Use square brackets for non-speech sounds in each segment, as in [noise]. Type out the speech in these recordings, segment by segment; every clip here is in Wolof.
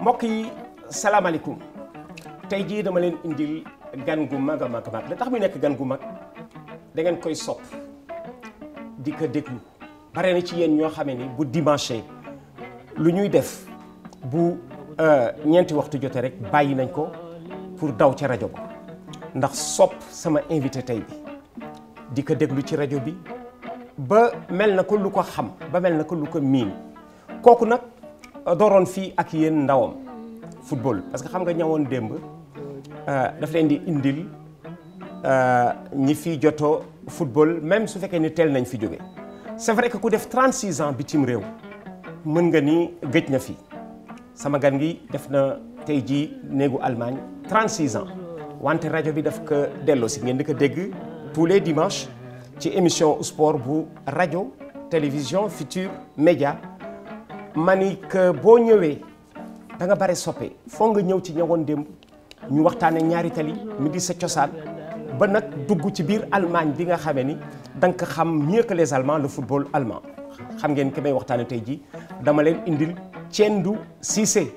mbokk yi salaamaaleykum tey jii dama leen indil gan gu mag a mag a mag da tax mu nekk gan gu mag da ngeen koy sopp dikk déglu bare na ci yéen ñoo xamee ni bu dimanche lu ñuy def bu euh, ñeenti waxtu jotee rek bàyyi nañ ko pour daw ca rajo ko ndax sopp sama invité tey bi di déglu ci rajo bi ba mel na ko lu ko xam ba mel na ko lu ko miin kooku nag dooroon fii ak yéen ndawam football parce que xam nga ñawoon démb euh, daf leen di indil euh, ñi fi joto football même su fekkee ni teel nañ fi jóge c'est vrai que ku def 36 ans bitim réew mën nga ni gëj na fi sama gan gi def na tey jii néegu Allemagne 36 ans wante rajo bi daf ko delloo si ngeen di ko dégg tous les dimanche ci émission sport bu rajo télévision Futur Média ma ni que boo ñëwee da nga bare soppe foog nga ñëw ci ñawoon démb ñu waxtaanee ñaari tali mu di sa cosaan ba nag dugg ci biir Allemagne bi nga xamee ni da nga xam mieux que les Allemands le football allemand xam ngeen ki may waxtaanee tey jii dama leen indil du Cissé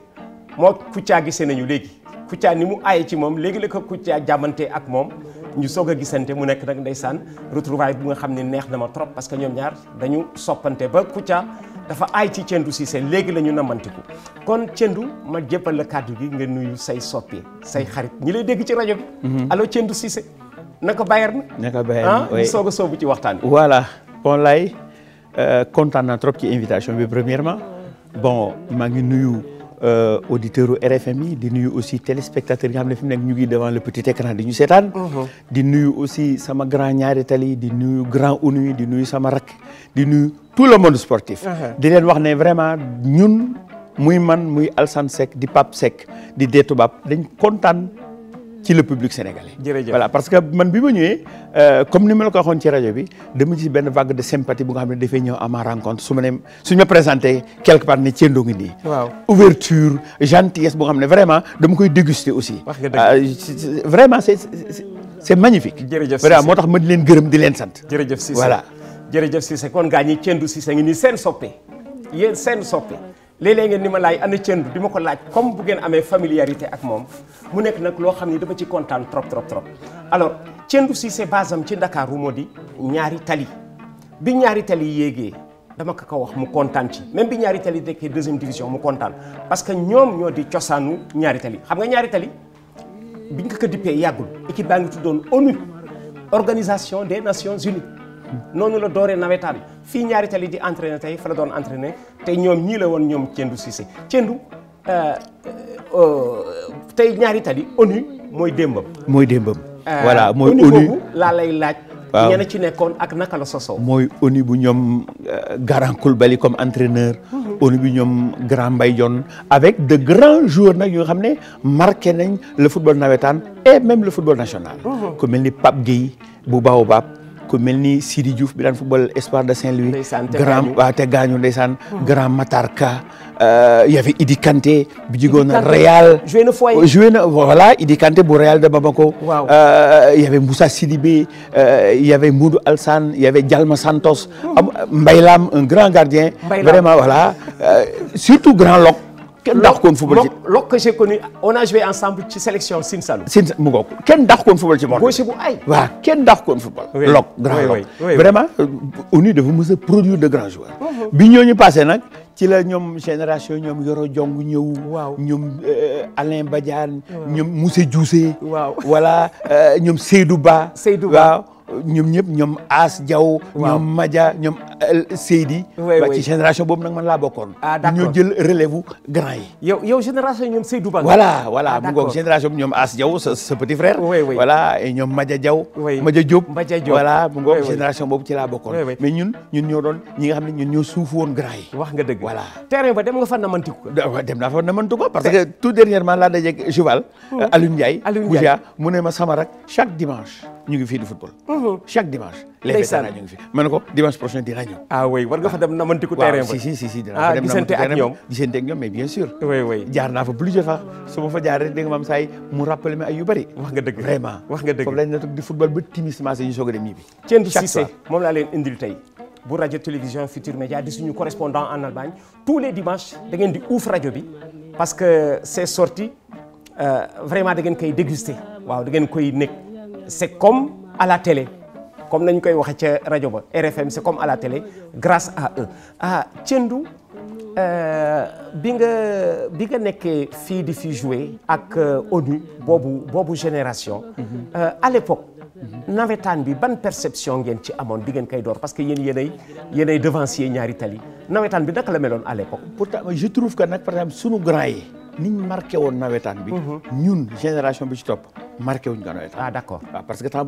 moo Kouthia gisee nañu léegi Kouthia ni mu aaye ci moom léegi la ko Kouthia jàmmante ak moom ñu soog a gisante mu nekk nag saan retrouvaille bu nga xam ne neex na ma trop parce que ñoom ñaar dañu soppante ba Kouthia dafa ay ci Thiendou Cissé léegi la ñu namantiku kon Thiendou ma jébbal la kàddu gi nga nuyu say soppe say xarit ñi lay dégg ci rajo bi. Mhm. allo Thiendou Cissé naka Bayern na. naka Bayern na ah, soog a soobu ci waxtaan wi. voilà bon lay euh, kontaan na trop ci invitation bi premièrement bon maa ngi nuyu. Euh, auditeurs u RFM yi di nuyu aussi téléspectateurs yi nga xam ne fi mu nekk ñu ngi devant le petit écran di ñu seetaan. Mhm. di nuyu aussi sama grand ñaari tali di nuyu grand ONU di nuyu sama rak di nuyu tout le monde sportif. Mhm. di leen wax ne vraiment ñun muy man muy Alsane Seck di Pape Seck di Détoubaab dañ kontaan. ci le public sénégalais. jërëjëf parce que man bi ma ñëwee euh, comme ni ma la ko waxoon ci rajo bi dama ji benn vague de sympathie bu nga xam ne dafay ñëw à ma rencontre su ma ne suñu ma présenté quelque part ne Thiendoo ngi nii. waaw ouverture gentillesse bu nga xam ne vraiment dama koy déguster aussi. wax nga dëgg ah, vraiment c' est c' magnifique. jërëjëf Cissé vraiment moo tax ma di leen gërëm di leen sant. jërëjëf Cissé voilà. jërëjëf Cissé kon gaa ñi Thiendou Cissé ngi nii seen soppe yéen seen soppe. léeg-léeg ngeen ni ma laaj ana cëndu di ma ko laaj comme bu ngeen amee familiarité ak moom mu nekk nag loo xam ni dama ci kontaan trop trop trop alors cëndu si c'est base am ci Ndakaaru moo di ñaari tali bi ñaari tali yéegee dama ko ko wax mu kontaan ci même bi ñaari tali nekkee deuxième division mu kontaan parce que ñoom ñoo di cosaanu ñaari tali xam nga ñaari tali biñ ko ko dippee yàggul équipe baa ngi tuddoon ONU organisation des nations unies noonu la dooree nawetaan fii ñaari tali di entraîné tey fa la doon entraîné tey ñoom ñii la woon ñoom Cëndu Cissé Cëndu euh, euh, euh, tey ñaari tali ONU mooy démbam. mooy démbam. voilà mooy ONU boobu lay laaj. waaw ci nekkoon ak naka la soso mooy ONU bu ñoom Garan Coulibaly comme entraîneur. Mhm. ONU bu ñoom Grand Mbaye Dione avec de grands joueurs nag yoo xam ne marqué nañ le football nawetaan et même le football national. Mhm. ku mel ni Pape Gueye bu Baobab. ku mel ni Sidi Diouf bi daan football Espoir de Saint-Louis grand waaw te gaañu ndeysaan hmm. grand Matar Ka euh, y avait Idi Kanté bi jigoon na Real joué na foyer joué Idi Kanté bu Real de Bamako euh, y avait Moussa Sidibé euh, y avait Moudou Alsane y Santos hmm. Mbaylam un grand gardien vraiment voilà surtout grand loc kenn football ci lok que j'ai on a joué ensemble ci sélection Sine Saloum Sine mu ngoog kenn dàq koon football ci monde gauche bu ay waaw kenn dàq koon football lok grand lok vraiment ONU euh, dafa mës a produire de grands joueurs mhm. bi ñooñu passé nag ci la ñoom génération ñoom Yoro Jong ñëw. waaw ñoom euh, Alain Badiane. ñoom Moussa Diousé. waaw voilà euh, Ba. Seydou Ba waaw ñoom ñëpp ñoom As Diaw. ñoom Madia ñoom. Seydi. waaw ci génération boobu nag man laa bokkoon. ah d' accord ñoo jël relève grand yi. yow yow génération ñoom Seydou Ba. voilà voilà ah, mu ngoog génération bi ñoom As Diaw sa sa petit frère. voilà et ñoom Madja Diaw. oui Madja Diop. Madja Diop laa bokkoon. mais ñun ñun doon ñi nga grand yi. wax ba dem nga fa namantiku ko. waaw dem parce que tout dernièrement laa dajeeg Joal. Alioune Ndiaye. mu ne ma sama chaque dimanche ñu ngi fii di football. Mhm. chaque dimanche. ndeysaan wax nga dëgg vraiment wax nga dëgg foofu lañ la toog di football ba timis maase ñu soog a dem ñibbi. Tiendou Cissé moom laa leen indil tey. bu rajo télévision Futur Média di suñu correspondant en Allemagne tous les dimanches da ngeen uuf rajo bi parce que c'est sorti euh, vraiment da koy déguster waaw da koy nekk c'est comme à la télé comme nañ koy waxee ca rajo ba RFM c'est comme à la télé grâce à eux ah Tiendou euh, bi nga bi nga nekkee fii di fi jouer ak euh, ONU boobu boobu génération euh, à l'époque nawetaan bi ban perception ngeen ci amoon bi ngeen koy door parce que yéen yéenay yéenay devancier ñaari tali nawetaan bi naka la meloon à l'époque pourtant je trouve que nag par exemple sunu grand yi niñ marqué woon nawetaan bi mhm. ñun génération bi ci topp marqué wuñ ko nawetaan. Ah, ah,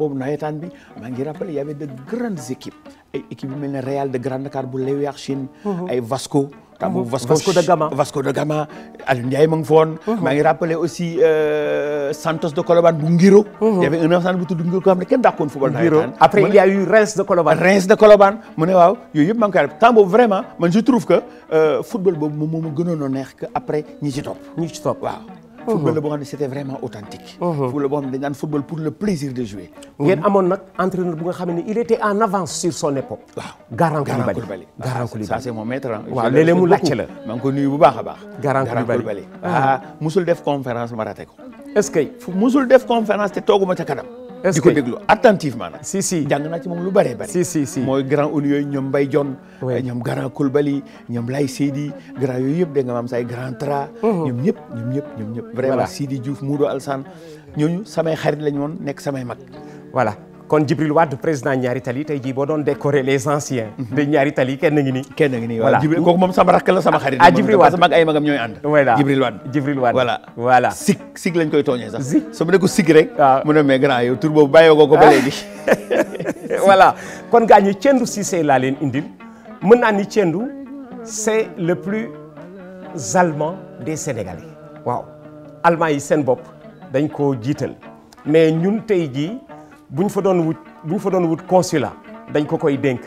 bi maa ngi rappelé y avait de grandes équipes ay équipes mel ne Real de Grand-Dakar bu Lewiakhine. Mhm. ay Vasco. temps Vasco da Gama Vasco da Gama Aliou Ndiaye ma ngi foon. Mhm. maa ngi rappelé aussi euh, Santos de Colobane bu Ngiro. Mhm. y avait un ensemble ko xam ne kenn dàqoon football nawetaan. après il a eu Reims de Colobane. Reims mu ne waaw euh, a neex que après ñi ci topp. ñi football la boo xam ne c'était vraiment authentique football pour le plaisir de jouer ngeen amoon nag entraîneur bu il était en avance sur son époque waaw Garan Coulibaly Garan Coulibaly ça c'est mon maître waaw léeg-léeg mu laajte ko nuyu bu baax a baax Garan Coulibaly ah. ah, musul def conférence ma raté ko est-ce que musul def conférence te tooguma ca kanam di ko déglu attentivement nag si si jàng naa ci moom lu bëree bëri si mooy grand ul yooyu ñoom Mbaye John euh, ñoom grand Koulibaly ñoom lay Seydi grand yooyu yëpp dégg nga maam say grand tra uh-huh. ñoom ñëpp ñoom ñëpp ñoom ñëpp vraiment Sidi Diouf Moodu Alsane ñooñu samay xarit lañ woon nekk samay mag voilà kon Djibril Wade président ñaari tali tey jii boo doon décorer les anciens. de ñaari tali kenn ngi nii. kenn ngi nii voilà moom sama rakk la sama ah, xarit. ah mag ay magam ñooy ànd. voilà lañ koy tooñee sax. sig su ma ne ko sig rek. waaw ah. mu mais grand yow tur boobu bàyyeekoo ko ba léegi. [laughs] voilà kon gaañu Tiendou Cissé laa leen indil mën naa ni Tiendou c'est le plus allemand des Sénégalais. waaw allemand yi seen bopp dañ ko jiital mais ñun tey jii. bu ñu fa doon wut bu fa doon wut consulat dañ ko koy dénk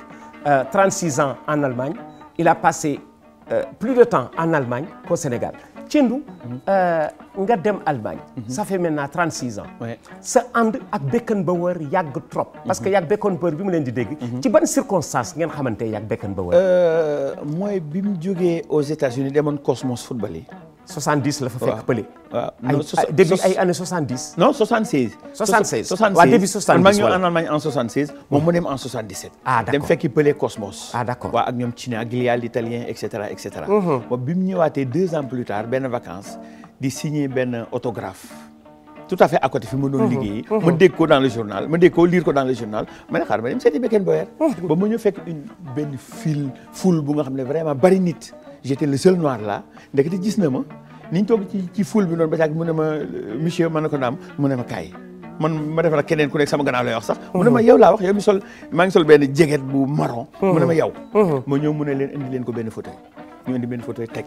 36 euh, ans en Allemagne il a passé euh, plus de temps en Allemagne qu'au Sénégal Tiendou mhm. euh, nga dem Allemagne mhm. ça fait maintenant 36 ans sa ànd ak ba Beckenbauer yàgg trop parce que mhm. yàgg Beckenbauer bi mu leen di dégg ci ban circonstance ngeen xamante yàgg Beckenbauer mooy bi mu jógee aux États-Unis demoon Cosmos football yi 70 la fa fekk pële. waaw non début ay années 70. non 76. 76 76 waaw début 76 maa ngi ñëw en Allemagne en 76. moom mu dem en 77. Ah, pële Cosmos. ah ak ñoom Cina ak italien et cetera et cetera. moom bi deux ans plus tard benn vacance di signer benn autographe. tout à fait à fi ma doon mhm. liggéeyi. Mhm. ma dégg ko dans le journal ma dégg ko lire ko dans le journal ma ne xaaral ma dem seeti Beckenbauer. Mhm. ba mu ñëw fekk benn fil foule bu nga xam ne vraiment j'étais le seul noir là ndekete gis na ma ni ñu toog ci ci foule bi noonu ba caag mu ne ma monsieur man na ko naam mu ne ma kaay man ma defal keneen ku nekk sama gannaaw lay wax sax. mu ne ma mhm. yow laa wax yow mi sol maa ngi sol benn jeget bu marron. ma mhm. yow. Mhm. ma ñëw mu ne leen indi leen ko benn fauteuil ñu indi benn fauteuil teg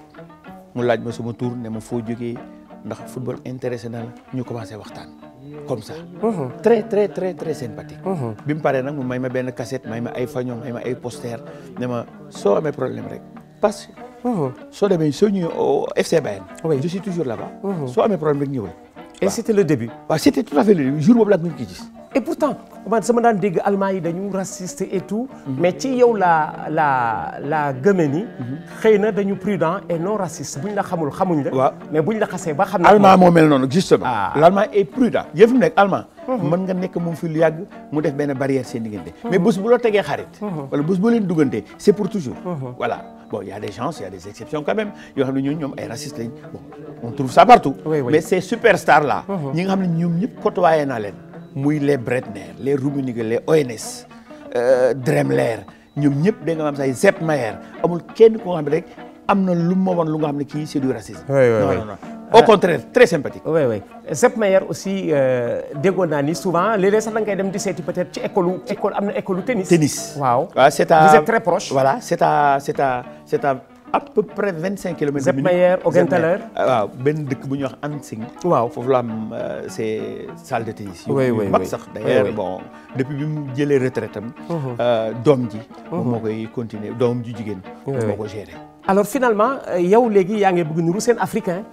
mu laaj ma sama tour ne ma foo jógee ndax football intéressé na la ñu commencé waxtaan. comme ça. très très très très sympathique. bi mu paree nag mu may ma benn cassette may ma ay fañon may ma ay poster ne ma soo amee problème rek soo demee soo ñëwee oh, au je suis toujours là-bas. soo amee problème rek ñëwal. et c'était le début. c'était tout à fait le début jour boobu laa ko gis. et pourtant man sama daan dégg allemand yi dañu raciste et tout. ci yow la la la gëme ni. xëy na dañu prudent et non raciste buñ la xamul xamuñ la. waaw mais buñ la xasee ba xam. allemand moo mel noonu ah. l' mhm. nga nekk moom fi lu yàgg mu def benn barrière seen diggante. Mhm. mais bés bu la tegee xarit. Mhm. wala bés bu leen duggante c' est pour toujours. voilà bon y a des gens y a des exceptions quand yoo xam ne ñooñu ñoom ay racistes lañ on trouve ça partout. mais ces superstars là. ñi nga ne ñoom ñëpp côtoyé naa leen. muy les Bretner les Rummenigge les ONS euh, Daimler ñoom ñëpp da nga am say Sepp Mayer amul kenn ko nga xam ne am na lu ma woon lu nga xam ne kii c'est du racisme. non non non au euh, contraire très sympathique. oui oui Mayer aussi euh, déggoon naa ni souvent léeg-léeg sax da dem di seeti peut-être ci école am na école tennis. tennis ah, c'est à proche. voilà c'est à c'est à à peu cinq kilomètres. Zepp Mayer Augenthaler ah, waaw benn dëkk bu ñuy wax Antsing. waaw foofu la am euh, c'est salle de tennis. oui oui mag sax d'ailleurs bon depuis bi mu jëlee retraite am. Mhm. Euh, doom ji. Mhm. moom moo koy continuer doom ji jigéen. moo ko gérer. alors finalement euh, yow léegi yaa ngi bëgg nuru seen africain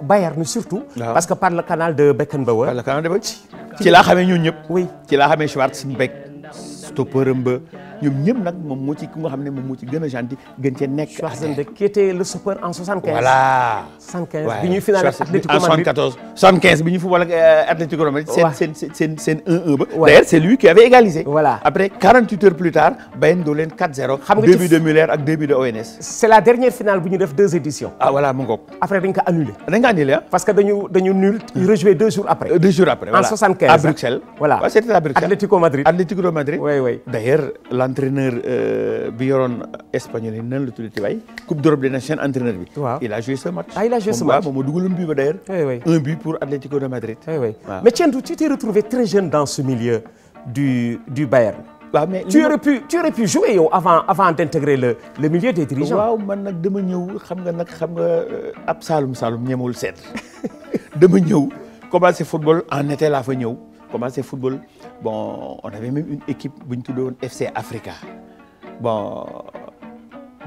Bayern surtout. parce que par le canal de Beckenbauer. par le canal de Beckenbauer ci laa xamee ñun ñëpp. oui ci laa xamee Schwarzenbeck Stoppermbe. ñoom ñëpp nag moom moo ku nga xam ne moom moo gën a gentil gën cee nekk. Schwarzenegger qui était le super en 75. bi ñuy finale Atlético Madrid en 74 75 bi ñu football ak euh, Atlético Madrid. waaw seen seen seen plus tard Bayern doo leen 4-0. xam nga ci début de ak début de ONS. c'est la dernière finale bu ñu def deux éditions. ah voilà mu après dañ ko annulé. dañ ko annulé parce que dañu nul. ñu euh, deux jours après. en 75 à Atlético entraîneur euh, bi yoroon espagnol yi nan la tuddati waay coupe d'Europe des nations entraîneur bi. waaw il a joué ce match. ah il a joué ce match moom waaw moom moo ba d'ailleurs. Eh pour Atlético de Madrid. Eh mais Tiendou tu t'es retrouvé très jeune dans ce milieu du du tu aurais pu jouer yow avant d'intégrer le milieu des dirigeants. waaw nag dama ñëw xam nga nag xam ga euh, ab Saloum Saloum ñemewul seet [laughs] dama ñëw commencé football en été laa fa ñëw. commencé football bon on avait même une équipe bu ñu tuddoon FC Africa bon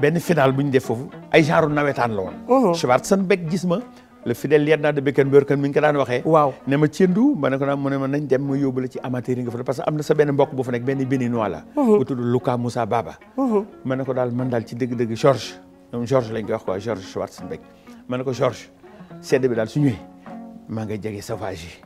benn final bu ñu def foofu ay genre nawetaan la woon. Mhm. Schwarzenbeck gis ma. le fidèle lieutenant de Beckenbauer mi ngi ko daan waxee. waaw ne ma cëndu ma ne ko naan mu ne ma nañ dem ma yóbbu la ci amateur yi nga fa parce que am na sa benn mbokk bu fa nekk benn béninois la. Mhm. bu tudd Luka Moussa Baba. Mhm. ma ne ko daal man daal ci dëgg-dëgg George ñoom George lañ koy wax quoi George Schwarzenbeck ma ne ko George sedd bi daal su maa ngay jege sauvage yi.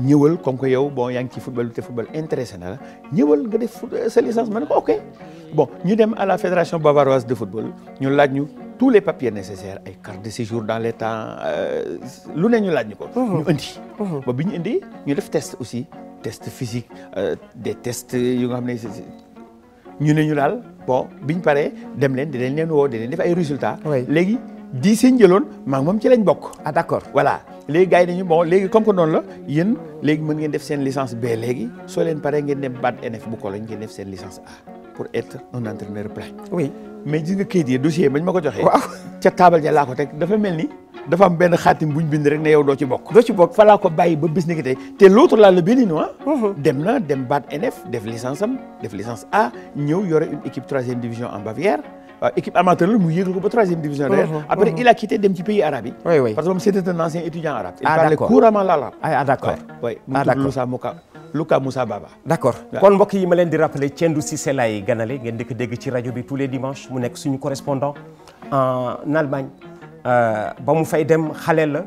ñëwal comme que yow bon yaa ngi ci football te football intéressé na la ñëwal nga def euh, sa licence ma ne ko ok bon ñu dem à la fédération bavaroise de football ñu laaj ñu tous les papiers nécessaires ay carte de séjour dans les euh, temps lu ne ñu laaj ñu ko. ñu indi. ba bi ñu indi ñu def test aussi test physique euh, des tests yu nga xam ne ñu ne ñu daal bon bi ñu paree dem leen di leen leen woo di leen ay résultats. léegi. dix yi ñu maa moom ci lañ bokk. ah d'accord voilà léegi gars yi nañu bon léegi comme que noonu la yéen léegi mën ngeen def seen licence B léegi soo leen paree ngeen dem BAD NF bu Cologne ngeen def seen licence A pour être un entraîneur plein. oui mais gis nga kayit yi dossier bañ ma ko joxee. waaw ca taabal ja laa ko teg dafa mel ni. dafa am benn xaatim buñ bind rek ne yow doo ci bokk. doo ci bok fa laa ko bàyyi ba bis ni ki tey te l'autre là le béninois. dem na dem BAD NF def licence am def licence A ñëw yore une équipe troisième division en Euh, équipe amateur la mu yéegal ko ba troisième division d'ailleurs uh-huh, après uh-huh. il a quitté dem ci pays arabe yi oui oui parce que moom c'était un ancien étudiant ah, ah, ah d'accord oui ah, kon mbokk yi ma leen di rappeler Tiendou Cissé lay ganale ngeen di ko dégg ci rajo bi tous les dimanches mu nekk suñu correspondant en Allemagne euh, ba mu fay dem xale la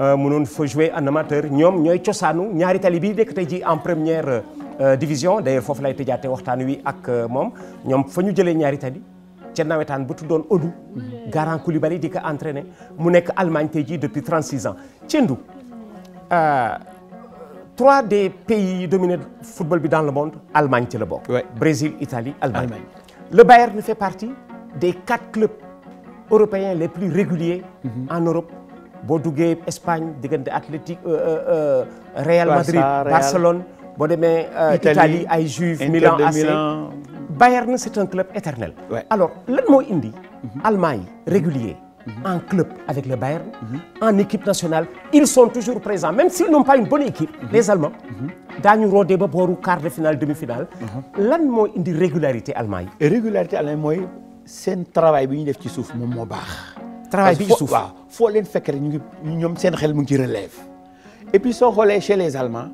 euh, mënoon fa jouer en amateur ñoom ñooy cosaanu ñaari tali bii nekk tey ji en première division d'ailleurs foofu lay te tëjaate waxtaan wi ak moom ñoom fa ñu jëlee ñaari tali ca nawetaan tu tuddoon Odou Garan Coulibaly di ko entraîné mu nekk Allemagne tey jii depuis 36 ans Tiendu euh, trois des pays yi dominé football bi dans le monde Allemagne ci la bokk. Brésil Italie Allemagne. Allemagne. le Bayern fait partie des quatre clubs européens les plus réguliers. Mm en Europe boo duggee Espagne diggante Atlétique euh, euh, euh Madrid Barcelone boo demee. Euh, Italie ay Juve Milan AC. Bayern c'est un club éternel. Ouais. alors lan moo indi. Allemand yi régulier. en club avec le Bayern. en équipe nationale ils sont toujours présents même s'ils n'ont pas une bonne équipe. les Allemands. daañu roodee ba booru quart de finale demi-finale. lan moo indi régularité Allemand yi. régularité Allemand mooy seen travail bi ñu def ci suuf moom moo baax. travail bi ci suuf waaw foo leen fekk rek ñu ngi ñoom seen xel mu ngi ci relève. et puis soo xoolee chez les Allemands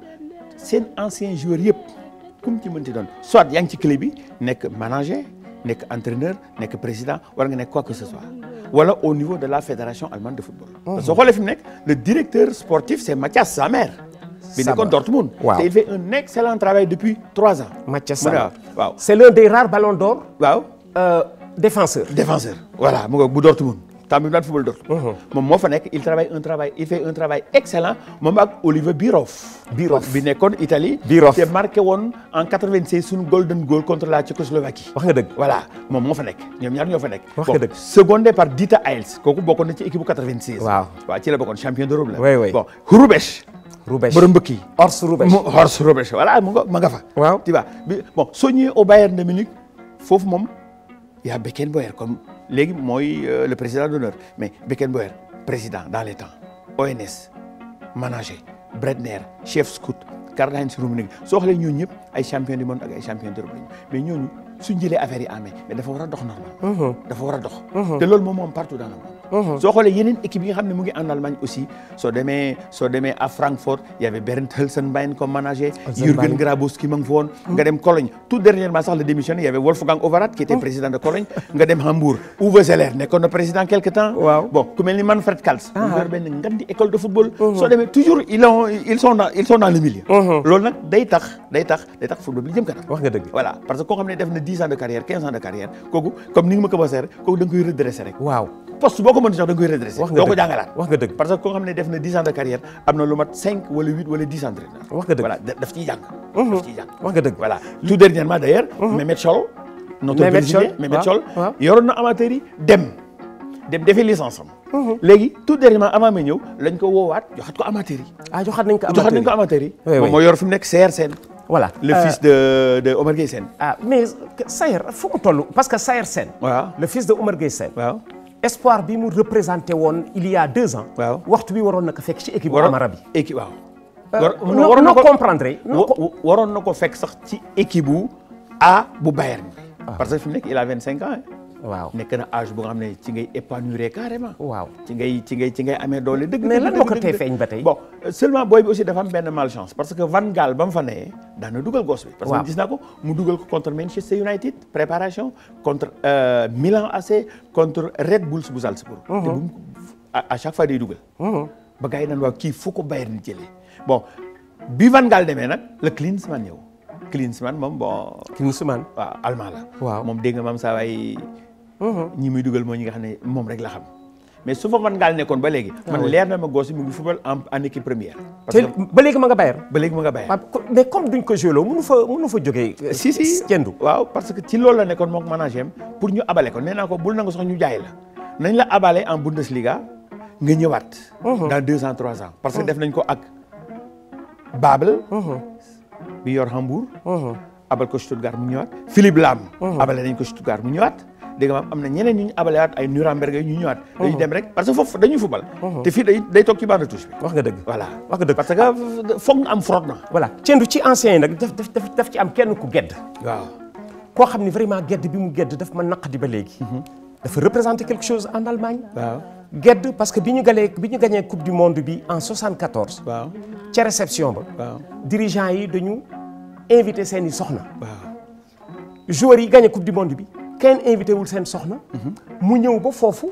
seen anciens joueurs yëpp. kum ci mënti doon soit yaa ngi ci club bi nekk manager nekk entraîneur nekk président wala nga nekk quoi que wala au niveau de la fédération allemande de football. Oh. parce que soo xoolee fi mu nekk le directeur sportif c' est Mathias Sammer. Sammer bi nekkoon Dortmund. waaw un excellent travail depuis trois ans. Mathias Sammer waaw. c' est des rares ballons d'or waaw euh, défenseur. défenseur voilà mu ngoog bu Dortmund. Tamiloune Football Doctor. Uh-huh. moom moo fa il travail un travail excellent moom ak Olivier Biroff. bi nekkoon Italie. Biroff te marqué en 96 golden goal contre la Tchécoslovaquie. wax nga dëgg moom moo fa ñoom ñaar ñoo fa wax nga dëgg secondé par Dieter Eils kooku bokkoon na ci équipe waaw waaw ci la bokkoon champion d'Europe la. oui oui bon Hrubeš. Hrubeš borom mbëkk yi. Horst nga fa. waaw bon soo ñëwee au Bayern de foofu moom y a Beckenbauer comme. léegi mooy euh, le président d'honneur mais Beckenbauer président dans les temps ONS manager Bredner chef scout Karl-Heinz Rummenigge soo xoolee ñooñu ñëpp ay champion du monde ak ay champion d'Europe lañu mais ñooñu suñ jëlee affaire yi amee mais dafa war a dox normal dafa war a dox te loolu moom moom partout dans le Uh-huh. soo xoolee yeneen équipe yi nga xam ne mu ngi en aussi soo demee soo demee à Francfort y Bernd Hölzenbein comme manager Jürgen Grabowski ki ma ngi uh-huh. nga dem Cologne tout dernièrement sax le démissionné y Wolfgang Overath qui était uh-huh. président de Cologne nga dem Hambourg Uwe Seeler nekkoon na président quelque temps bon ku mel ni Manfred Kals yor ah. benn école de football soo demee toujours ils ont ils sont dans nag day tax day tax day tax football bi jëm poste boo ko mën sax da nga koy ko nga dëgg. def na dix ans de carrière am na lu mat cinq wala huit wala dix ans de retraite. Mhm. wax nga dëgg voilà tout dernièrement d' ailleurs. Mhm. Mehmet Chol. notre président Mehmet Chol yoroon na amateur yi dem. defi licence am. Mhm. léegi tout dernièrement avant may ah, moo yor fi mu nekk CRCN. voilà le euh, fils de de Omar Gueye ah mais Sayer foo ko parce que Sayer Sène. waaw le fils de Omar Gueye Sène. espoir bi mu représenté woon il y a ans. waxtu bi waroon na ko fekk ci équipe. amara bi équipe waaw. Euh, waroon na ko comprendre waroon na ko fekk sax ci équipe bu A bu Bayern. Ah. parce que fi mu nekk il vingt cinq ans. waaw nekk na âge bu xam ne ci ngay épanouir carrément. waaw ci ngay ci ngay ci ngay doole dëgg. mais feeñ ba tey. bon seulement booy bi aussi dafa am benn malchance parce que Van Gaal ba mu fa nee daana dugal gos bi. parce que gis naa ko mu dugal ko contre Manchester United préparation contre euh, Milan AC contre Red Bulls bu Salzbourg. Mhm. te bu à chaque fois day dugal. Mhm. ba gars yi naan waaw kii foo ko Bayern jëlee bon bi Van Gaal demee nag la Klinsmann ñëw Klinsmann moom bon. Klinsmann waaw allemand la. waaw moom dégg nga maam Mhm. ñi muy dugal mooy ñi nga xam ne moom rek la xam mais su fa man ngaal nekkoon ba léegi ah man leer na ma gosse mu ngi football en en équipe parce que nga Bayern ba ah, duñ ko joloo mënu fa fa jógee si euh, si kendu waaw parce que ci loolu la nekkoon moom manager pour ñu abale ko nee naa ko bul nangu sax ñu jaay la nañ la abale en Bundesliga nga ñëwaat mhm. dans deux ans trois ans parce que mhm. def nañ ko ak Babel bi yor Hambourg abal ko Stuttgart mu ñëwaat Philippe Lam abale nañ ko Stuttgart mu ñëwaat dégg nga am na ñeneen ñu ñu abalewaat ay Nuremberg ñu ñëwaat dañuy dem rek parce que foofu dañuy fubal te fii day day toog ci bande touche bi wax nga dëgg voilà wax nga dëgg parce que foog nga am frot na voilà cendu ci ancien yi nag daf daf daf ci am kenn ku gedd waaw koo xam ne vraiment gedd bi mu gedd daf ma naq di ba léegi mhm. dafa représenter quelque chose en Allemagne gedd parce que bi ñu galee bi ñu gañee coupe du monde bi en 74 waaw ca réception ba waaw dirigeant yi dañu invité seen i soxna waaw yi gañe coupe du monde bi kenn invité wul seen soxna. mu ñëw ba foofu.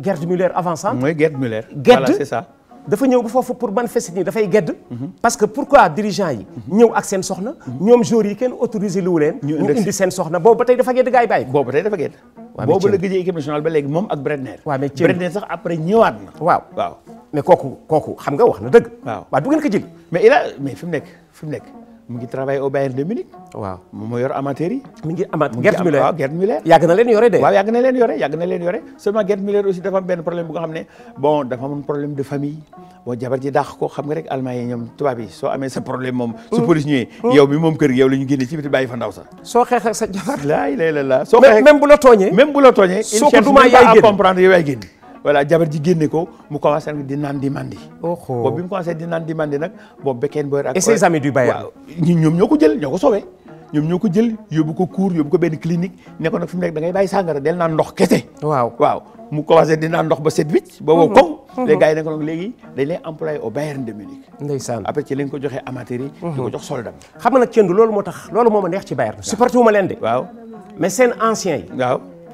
Gerd Müller avançant. mooy Gerd Müller. voilà c'est ça dafa ñëw ba foofu pour manifester nii dafay gedd. Mhm. parce que pourquoi dirigeant yi. ñëw ak seen soxna. Mhm. ñoom joueurs yi kenn autorisé lu leen. ñu indi seen soxna boobu ba tey dafa gedd gars yi bàyyi. ba tey dafa gedd. waaw boobu la gëjee équipe nationale ba léegi moom ak Bredner. waaw mais Bredner sax après ñëwaat na. waaw waaw mais kooku kooku xam nga wax na dëgg. waa waaw du ngeen ko fi mu nekk fi mu nekk. mu ngi travaillé au Bayern de Munich. moom yor amateur yi. ngi amaat Gerd Müller waaw Gerd leen yore de. waaw yàgg na leen yore yàgg na leen yore seulement aussi dafa am benn problème bu xam ne bon dafa amoon problème de famille bon jabar ji dàq ko xam rek almaa yi ñoom tubaab yi soo amee sa problème moom. su mm. police ñëwee. Mm. yow mi moom kër gi yow la ñu génne ci biti bàyyi fa ndaw sa. soo xeex sa jabar. laay lay la laa soo xeex même bu soo ko dumaa yaay voilà jabar ji génne ko mu commencé nag di naan mandi. oho boobu bi di naan mandi nag boobu Beckenbauer ak. et du Bayern waaw ñoom ko jël ñoo ko soowee. ñoom ñoo ko jël yóbbu ko cour yóbbu ko benn clinique ne ko nag nekk da ngay bàyyi del naan kese. waaw mu commencé di naan ndox ba set wicc. ba wow koŋ. les gars yi ne ko nag léegi dañ lay après ci ko joxee amateur di ko jox soldam. xam nga nag Thiendou loolu moo tax loolu moo ma neex ci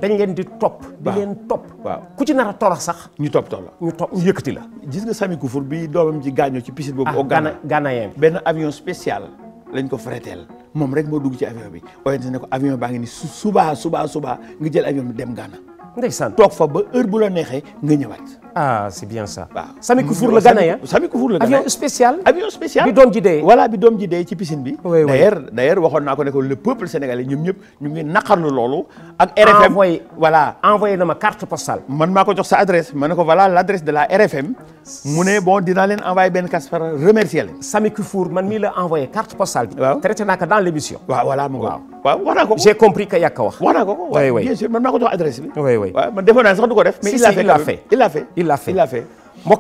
dañ leen di topp di leen topp waaw ku ci nar a torox sax ñu topp tox la ñu topp ñu yëkkati la gis nga Sami Koufour bi doomam ji gaañoo ci piscine boobu ah, au Ghana Ghana yeen benn avion spécial lañ ko fréteel moom rek moo dugg ci avion bi oyente ne ko avion baa ngi ni su subaa subaa subaa nga jël avion bi dem Ghana toog fa ba heure bu la nga ñëwaat. ah c'est bien mm, la gane ah Samy Koufour la gane avion avion spécial bi doom ji dee. voilà bi doom ji dee ci piscine bi. oui oui naa ko ne le peuple sénégalais ñoom ñëpp ñu ngi loolu. ak RFM envoyé envoyé na ma carte postale. man maa ko jox sa adresse ma ne ko voilà l'adresse de la RFM. mu ne bon dinaa envoyé benn casse par remercier leen. man mii la envoyé carte postale bi. waaw naa ko dans l'émission. waaw voilà mu waaw koy. waaw man defoon naa sax du ko def. mais il l'a fait il l'a fait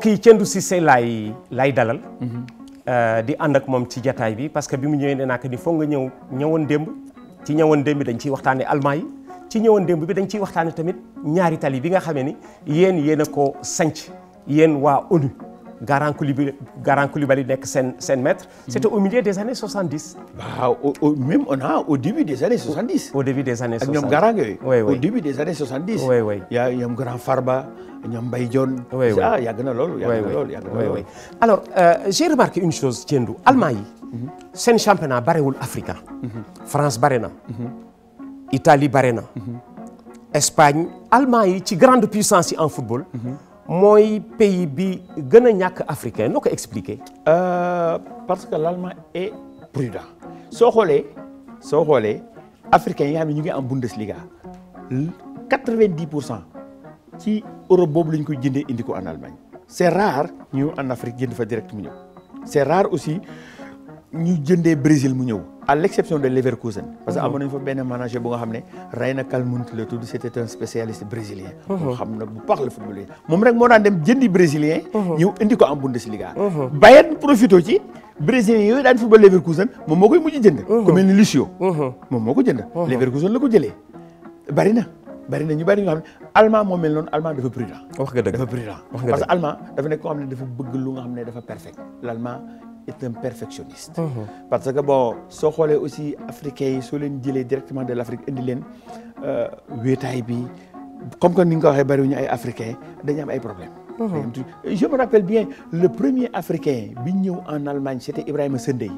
yi Tiendou si laay laay dalal. Mhm. Euh, di ànd ak moom ci jataay bi parce que bi mu ñëwee ne naa ko ni foog nga ñëw ñëwoon démb. ci ñëwoon demb bi dañ ciy waxtaanee almaañ yi ci ñëwoon démb bi dañ ciy waxtaane tamit ñaari tali bi nga xamee ni yéen yéen a ko sanc yéen waa ONU Garan Koulibaly Garan Koulibaly nekk seen seen maître. c'était au milieu des années 70. waaw au au a au début des années 70. au début des années 70 au début des années 70. oui oui yàgg na loolu. yàgg na loolu yàgg na loolu. alors euh, j'ai remarqué une chose Diendou Allemagne yi. Mhm. championnat barewul Afrique. Mhm. France bare na. Mhm. Italie bare na. Espagne Allemagne yi ci grande puissance yi en football. mooy pays bi gën a ñàkk africain noo ko expliquer. Euh, parce que l'Allemagne est prudent soo xoolee soo xoolee africain yi nga xam ne ñu ngi am Bundesliga quatre-vingt-dix pour cent ci Europe boobu la ñu koy jëndee indi ko en Allemagne. c'est rare ñu en Afrique jënd fa direct mu ñëw c'est rare aussi ñu jëndee Brésil mu ñëw. à l'exception de Leverkusen. parce que mhm. amoon nañu fa benn manager bu nga xam ne Rainer Kalmund la tudd c'était un spécialiste brésilien. Mhm. moo xam na bu baax la footballeur moom rek moo daan dem jëndi brésilien. Mhm. ñëw indi ko en Bundesliga. Bayern profité ci brésilien yooyu daan football Leverkusen moom moo koy mujj jënd. ku mel ni Lucio. moom moo ko jënd. Leverkusen la ko jëlee bari na. bari bari ñoo xam ne allemand moo mel noonu allemand dafa prudent. wax est un perfectionniste. parce que bon soo xoolee aussi africains soo leen jëlee directement de l' Afrique indi leen euh, wéetaay bi comme que ni nga ko waxee bariwuñu ay africains dañu am ay problèmes. je me rappelle bien le premier africain bi ñëw en Allemagne c' était Ibrahima Sendey.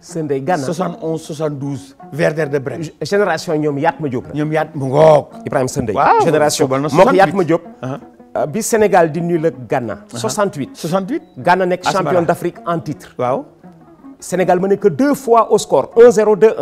Sendey Ghana 71 72. Werder de Brême. génération ñoom Yatma Diop la. ñoom Yatma Ngoog. Ibrahima Sendey. waaw génération moom Yatma Diop. Uh-huh. Euh, bi Sénégal di nul ak Ghana. 68 68. Ghana nekk champion d'Afrique en titre. waaw Sénégal ma nekk que deux fois au score 1-0 jong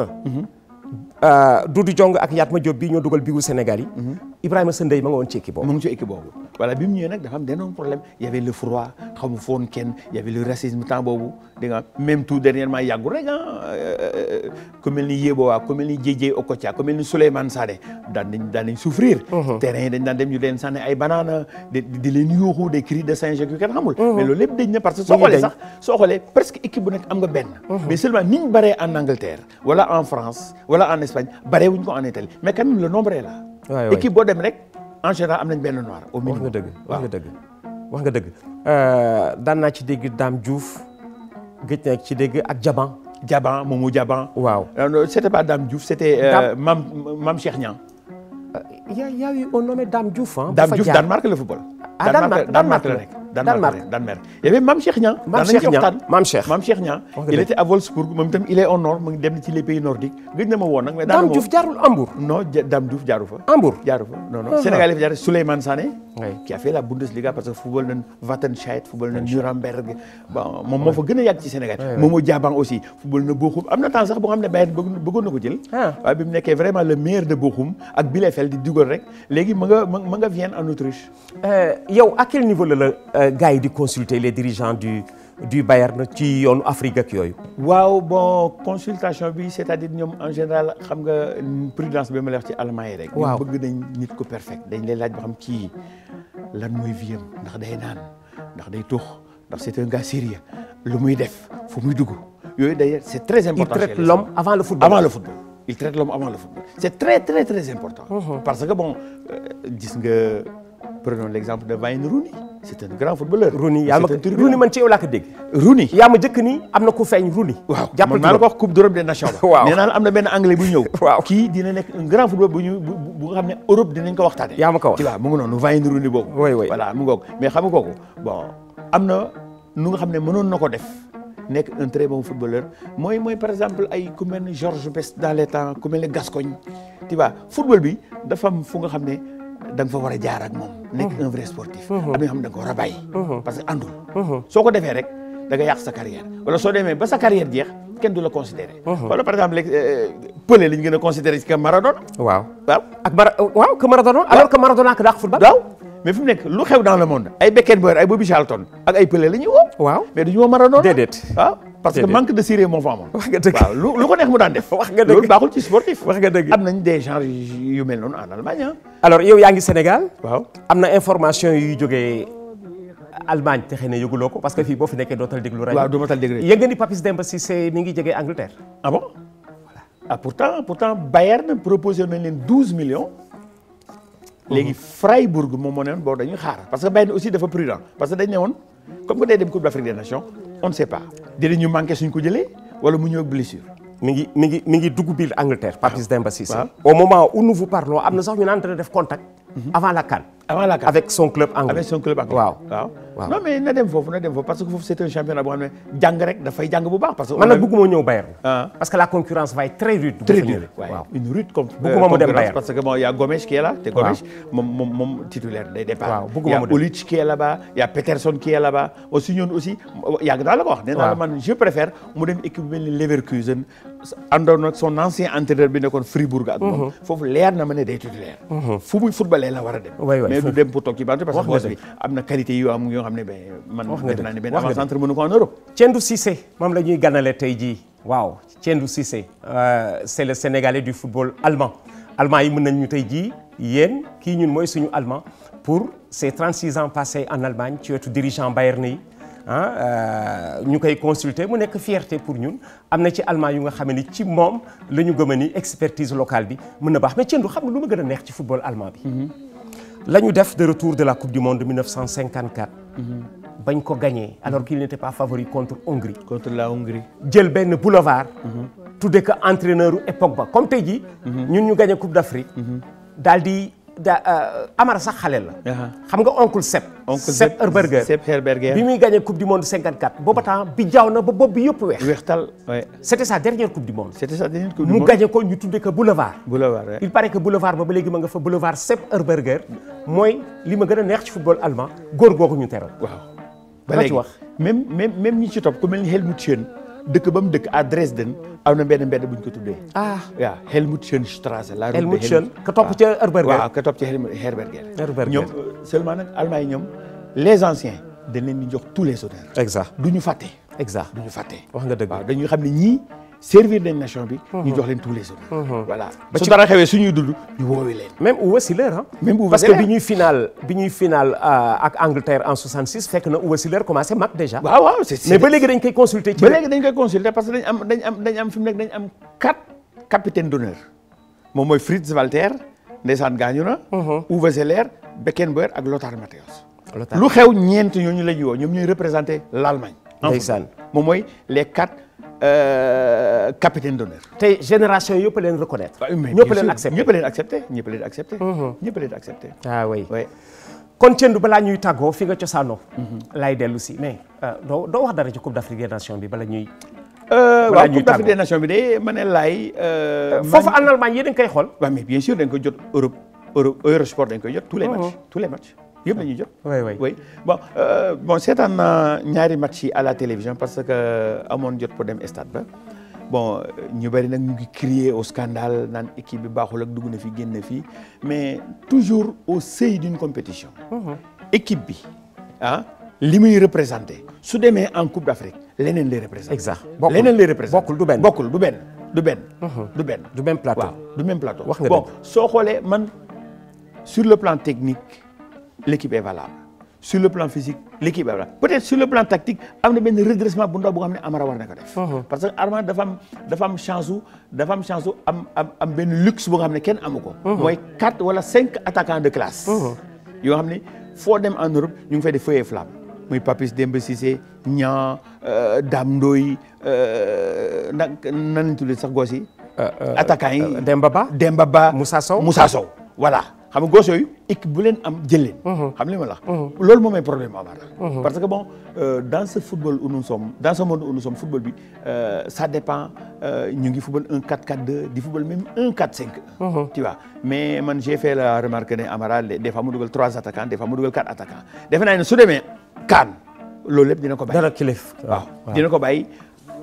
1 Doudou Diong ak Yatma Diop bii ñoo dugal biiwu Sénégal yi. Mhm. Ibrahima Sëndey ma nga woon ci équipe boobu. mu ngi ci équipe boobu voilà bi mu ñëwee nag dafa am denoon problème y le froid xamu foon kenn y le racisme temps boobu di nga même tout dernièrement yàggul rek ah euh, ku mel ni Yeboah ku mel ni Diédié Okocha ku mel ni Souleymane Sané daan nañ daan nañ souffrir. Mhm. terrain yi ay banaana di di leen yuuxu des cris de Saint-Jacques yu kenn xamul. Mhm. mais loolu lépp dañ na parce que soo xoolee sax soo presque équipe bu nekk am nga benn. Mhm. mais seulement ni waay waay équipe boo dem rek en général am nañ benn noir au minimum. wax dëgg wax nga dëgg wax nga dëgg. daan naa ci dégg Dame juuf gëj ci dégg ak Jaban. Jaban Momu Jaban. waaw euh, c' était pas Dame Diouf c' euh, Mam Mam Cheikh Niang. Euh, y' a y' a eu un nommé Dame Diouf ah. football. ah Danemark Danemark la nekk. Danemark Danemark y avait Mame Cheikh il était à Wolfsburg moom itam il est au nord dem ci les pays nordiques gëj na ma woon nag. mais Dame Diouf jaarul Hambourg. non Dame Diouf jaaru fa. fa non ah. Sénégal yi fa jaar a fait la Bundesliga parce que football nañ Wattenscheid football nañ Nuremberg bon moo fa gën a ci Sénégal. Momo Diabang aussi football na Bochum am na temps sax boo ne Bayern bëggoon na jël. Ah. waaye bi mu nekkee vraiment le meilleur de Bochum ak Bielefeld di dugal Euh, gars yi di consulter les dirigeants du Bayern ci yoonu Afrique ak yooyu. waaw bon consultation bi cest a dire ñoom en général xam nga prudence bi ma la wax ci allemand yi rek. waaw bëgg nañ nit ku parfait dañ lay laaj ba xam kii lan mooy vie ndax day naan ndax day tux ndax c'est un gars sérieux lu def fu muy dugg yooyu d'ailleurs c'est très important. Uh-huh. parce que bon euh, gis nga. prenons l'exemple de Wayne Rooney c'est un grand footballeur. Rooney man ci yow laa ko dégg. yaa ma jëkk am na ku feeñ Rooney. man maa la ko wax coupe d'Europe des am na benn anglais bu ñëw. kii dina nekk un grand footballeur bu nga xam ne Europe dinañ ko waxtaanee. yaa ma ko wax ci waaw xam nga kooku nga xam ne mënoon na ko def. nekk un très bon footballeur mooy mooy par exemple ay ku mel ne Best dans les temps ne Gascogne tu football bi dafa am fu nga da fa war a jaar ak moom. nekk un vrai sportif. am xam da war a bàyyi. parce que àndul. soo ko defee rek da nga sa carrière wala soo demee ba sa carrière jeex kenn du la considéré. wala par exemple euh, Pelé lañ gën a considéré ci que Maradona. waaw ak Mara ak dàq football. waaw mais fi nekk lu xew dans le monde. ay Beckenbauer ay Bobby Charlton ak ay Pelé la ñuy waaw mais du ñu woo Maradona déedéet waaw. parce que manque de sérieux moo fa amoon. lu ko mu daan def. loolu baaxul ci sportif. wax nga dëgg am nañ yu mel noonu en Allemagne alors yow yaa ngi Sénégal. am na information yuy jógee Allemagne te xëy na yëguloo ko parce que fii boo fi nekkee dootal déglu rajo. waaw dootal déglu rajo yëngal ni Papis Demba Cissé mi ngi jógee Angleterre. ah bon ah, pourtant pourtant Bayern proposé léegi mhm. Freiburg moom moo ne woon boo dañuy xaar parce que Bayern aussi dafa prudent parce que dañ on ne sait pas dinañu manqué suñ ko jëlee wala mu ñëw ak blessure. mi ngi mi ngi mi ngi dugg biir Angleterre. Papis ah. Demba Cissé. au moment où nous vous parlons am na sax ñu naan def contact. Mhm. avant la CAN. avec son club anglais non mais na dem foofu na dem foofu parce que foofu c'est championnat boo xam ne jàng rek dafay jàng bu baax. parce que man ñëw Bayern. Ah. parce que la concurrence va être très rude. très rude waaw une rude te euh, Gomes moom moom moom titulaire day départ. waaw bëgguma Peterson qui est là-bas aussi ñun naa la ko wax. naa la man je préfère mu dem équipe mel ni Leverkusen àndoon son ancien entraîneur bi nekkoon Fribourg ak moom. Mhm. foofu leer ma ne mhm. fu muy mais du dem pour toog ci bant parce que boos bi am na qualité yu ne man def naa ne benn avant-centre mënu ko ganale tey jii waaw Tiendou Cissé euh, c'est le sénégalais du football allemand allemand yi mën nañ ñu tey jii yéen ki ñun mooy suñu allemand pour ces 36 ans passés en Allemagne ci wetu dirigeant Bayern yi ah ñu koy consulter mu nekk fierté pour ñun am na ci allemand yu nga xam ci moom la ñu gëm a ni expertise locale bi mun na baax mais Tiendou xam nga lu ma gën a neex ci football allemand bi. Mm-hmm. lañu def de retour de la coupe du monde 1954. bañ ko gagné alors qu'il n'était pas favori contre Hongrie. contre la jël benn boulevard. Mhm. tudde ko entraîneur époque ba comme tey jii. Mhm. ñun ñu gagné coupe d'Afrique. Mhm. daal di da euh, Amar sax xale la. xam nga oncle Sepp. oncle Sepp Herberger Sepp Herberger. bi muy gagné coupe du monde 54 booba temps na ba bopp bi yëpp weex. weex tal waay. coupe du monde. mu gagné ko ñu tudde ko boulevard. boulevard boulevard ba léegi ma nga fa boulevard Sepp Herberger. mooy li ma gën a neex ci football allemand góor googu ñu teral. waaw ba léegi wax même même même ñi ci topp ku mel ni Helmut Schön dëkk ba mu dëkk à Dresden am na benn mbedd bu ñu ko tuddee. ah waaw Helmut Schön Strasse. la rue Helmut Schön ka topp ah. ca Herberger waaw ka Herberger. Herberger ñoom seulement nag Allemagne les anciens dañ leen di jox tous les honneurs. exact du ñu fàtte. exact du ñu fàtte. wax nga dëgg waaw dañuy xam ne ñii. servir nañ nation bi. ñu mhm. jox leen tous les honneurs. Mhm. voilà ba dara xewee suñuy dund ñu woowee leen. même Uwe Seeler ah. même Uwe Seeler parce que bi ñuy final euh, ak Angleterre en 66 fekk na Uwe Seeler commencé mag déjà. mais ba léegi dañ koy consulter. ba léegi dañ koy consulter parce que dañ am dañ nekk dañ am quatre capitaine d'honneur moom mooy Fritz Walter ndeysaan gaañu na. Mhm. Uwe Seeler Beckenbauer ak Lothar Matthäus. lu xew ñeent ñooñu la ñuy woo ñoom ñooy représenter Euh, capitaine d'honneur. tey génération yëpp leen reconnaître. ñëpp leen accepté ñëpp leen accepté ñëpp leen accepté. Mm-hmm. ñëpp leen accepté. ah oui oui. kon Tiendou balaa ñuy tàggoo fi nga cosaanoo. Mm-hmm. laay dellu si mais euh, doo wax dara ci Coupe d'Afrique des Nations bi bala ñuy. Euh, balaa ñuy tàggoo waaw Coupe d'Afrique des Nations bi de ma ne laay. foofu en Allemagne yéen a ngi koy xool. mais bien sûr dañ jot tous les mm-hmm. matchs yëpp la ñuy jot. oui bon euh, seetaan na ñaari match yi à la télévision parce que amoon jot pour dem stade ba bon ñu bëri nag ñu ngi crier au scandale naan équipe bi baaxul ak dugg na fi génn fii mais toujours au seuil d'une compétition. Mmh. équipe bi ah li muy représenté su demee en Coupe d'Afrique leneen lay représenté. exact leneen lay représenté bokkul du benn bokkul du benn. du benn. Mhm. du benn du même plateau. du même plateau. nga bon soo xoolee man sur le plan technique. l'équipe est valable sur le plan physique l'équipe est valable peut-être sur le plan tactique am na benn redressement bu ndaw bu nga xam ne Amara war na ko uh-huh. parce que Amara dafa am dafa chance u dafa am chance u am am am benn luxe bu nga xam ne kenn amu ko uh-huh. mooy quatre wala cinq attaquants de classe uh-huh. yoo xam ne foo dem en Europe ñu ngi fay def feu et flamme muy Papis Demba Cissé ñan euh, Dame Ndoye euh, nag nan lañ tuddee sax euh, yi Demba Ba Demba Ba Moussa Sow Moussa Sow équipe bu leen am jël leen. Mhm. xam mhm. problème mu amaat mhm. parce que bon euh, dans football où nous sommes dans ce monde football bi euh, ça dépend euh, ñu football 1 4 4 2 di football même 1 4 5. tu vois mais man j'ai fait la remarque ne Amara des fois mu dugal 3 attaquants des mu dugal 4 attaquants defe naa ne su demee kaan loolu dina ko bàyyi.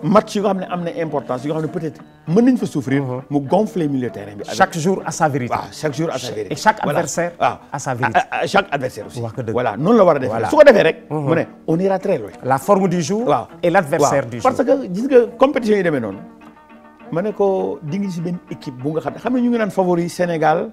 match yu nga xam ne am na importance yu nga xam ne peut-être mën nañ fa souffrir. Mhm. mu gonfler milieu terrain bi. chaque chaque jour à sa vérité. chaque adversaire à sa vérité. chaque la war a defee su ko mhm. mu ne on ira très loin. la forme du jour. et l'adversaire du jour. parce que gis nga compétition yi demee noonu. ma ne ko di ngi si benn équipe bu nga xam ne xam ne ñu ngi naan favori Sénégal.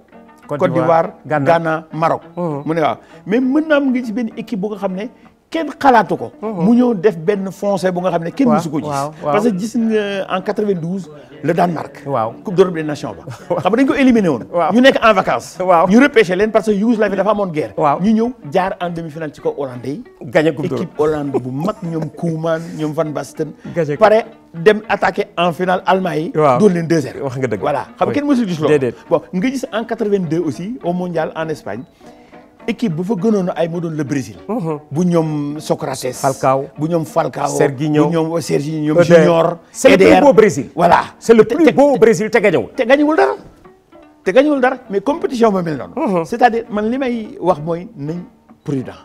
Côte d'Ivoire Ghana Maroc. Mhm. mu ne waaw mais mën naa am ngi si benn équipe bu nga xam ne. kenn xalaatu ko. Mhm. mu ñëw def benn foncé bu nga xam ne kenn musu ko gis. parce que gis nga en 92. le Danemark. waaw coupe d'Europe des nations ba. [laughs] xam nga dañ ko éliminé nekk en vacances. waaw ñu repêché leen parce que Yougoslavie dafa amoon guerre. ñu jaar en demi-finale ci kaw Hollandais yi. gagné coupe d'Europe bu mag ñoom [laughs] Koeman ñoom Van Basten. pare dem attaqué en finale Allemagne yi. waaw doon leen 2-0. wax nga dëgg voilà xam nga kenn musu gis loolu. bon nga gis en 82 aussi au mondial en Espagne. équipe bu fa gënoon ay moo doon le Brésil. Mhm. bu ñoom Socrates. Falcao bu ñoom Falcao. Serginho bu ñoom Serginho ñoom Junior. c'est le plus beau Brésil. voilà c'est le plus beau Brésil te gañewul. te gañewul dara te gañewul dara mais ma mel noonu. Mhm. c'est-à-dire man li may wax mooy nañ prudent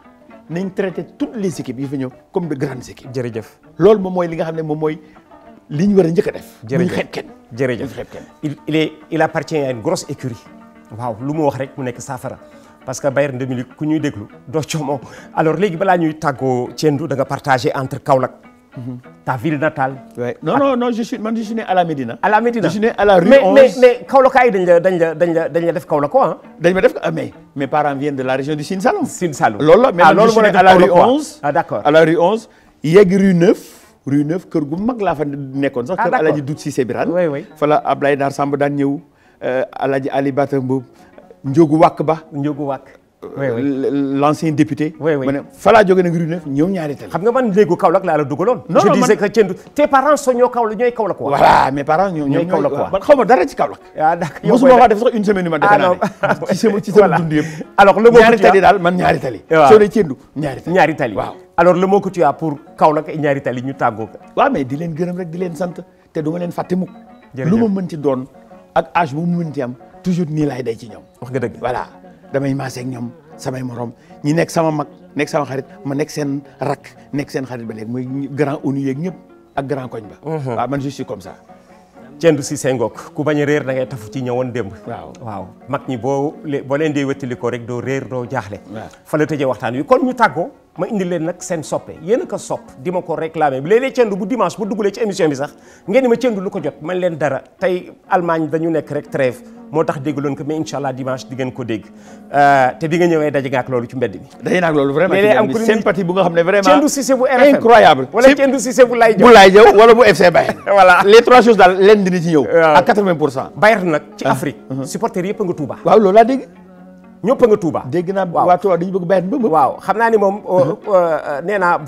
nañ traite tout les équipes yi fa ñëw comme de grandes équipes. jërëjëf lool moom mooy li nga xam ne moom mooy. li ñu war a njëkk a def. jërëjëf bu ñu xeeb kenn jërëjëf bu ñu xeeb kenn. il il est il une grosse écurie. waaw lu mu wax rek mu nekk saafara. parce que Bayern de Munich ku ñuy déglu doo coomo alors léegi balaa ñuy tàggoo Tiendou da nga entre Kaolack. Mhm. ta ville natale. oui non non non je suis man je suis né à la Médina. à la Médina je suis né à la mais mais Kaolackaay dañ la dañ la ah. dañ def mais mes ah, ah d'accord à la rue 11 yegg rue 9. rue 9 kër gu mag laa fa nekkoon sax. ah d'accord kër Alaaji Dut Cissé Birane. oui oui fa la Ablaye Dar Samb daan ñëw euh, Alaaji Ali Bata Ndiogou Wàkk Ba Ndiogou Wàkk euh, oui oui l' ancien député. oui oui ma ne fa laa jógee nag Rue Neuf ñëw ñaari tali. xam nga man léegi Kaolack laa la dugaloon. non non man je disais que Thiendou tes parents sont ñoo Kaolack ñooy Kaolack quoi. voilà mes parents ñoo ñooy Kaolack quoi man xaw ma dara ci Kaolack. ah d' accord mosuma wax def sax une semaine yu ma defe naa ne. [laughs] ci sama ci sama dund yëpp. alors le mot ñaari tali daal man ñaari tali. waaw soo dee Thiendou ñaari tali ñaari tali. waaw alors le mot que tu as pour Kaolack et ñaari tali ñu tàggoo ko. waaw mais di leen gërëm rek di leen sant te du ma leen fàtte mukk. jërëjëf lu ma mën ci doon ak âge bu mu mën ci am toujours nii laay day ci ñoom. wax nga dëgg voilà damay maase ak ñoom samay morom ñi nekk sama mag nekk sama xarit ma nekk seen rak nekk seen xarit ba léegi muy grand onu yeeg ñëpp ak grand koñ ba. Mhm. waaw man je suis comme ça. si seen Ngok ku bañ a réer da ngay tafu ci ñëwoon démb. waaw waaw mag ñi boo boo leen dee wétali ko rek doo réer doo jaaxle. waaw fa waxtaan wi kon ñu tàggoo. ma indi leen nag seen soppe yéen a ko sopp di ma ko réclamer léeg-léeg cendu bu dimanche bu dugalee ci émission bi sax ngeen ni ma cendu lu ko jot man leen dara tey Allemagne dañu nekk rek trêve moo tax dégguloon ko mais incha allah euh, ci mbedd na ak ci bu nga xam bu lay jëw bu bu FC Bayern [laughs] voilà trois choses daal leen dina ci ñëw. à nag ci ah. Afrique. Uh-huh. supporters yëpp nga Touba. ñëpp nga Touba. dégg naa waa Touba dañu bëgg Bayern Mbëmbë. waaw xam naa ni moom uh-huh. uh, uh, nee naa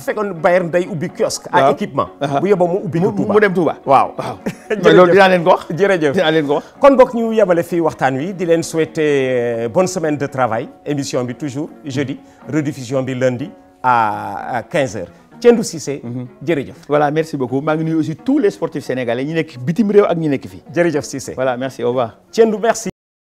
day ubbi kiosque. ak équipement. Uh-huh. mu ubbi Touba mu dem Touba. waaw [laughs] jërëjëf loolu dinaa leen ko wax. jërëjëf dinaa leen ko wax. kon boog ñu yemale fii waxtaan wi di leen souhaiter euh, bonne semaine de travail émission bi toujours jeudi mm-hmm. rediffusion bi lundi à 15h. Tiendou Cissé. Mm-hmm. jërëjëf. voilà merci beaucoup maa ngi nuyu aussi tous les sportifs sénégalais ñi nekk bitim réew ak ñi nekk fii. jërëjëf Cissé. voilà merci au revoir.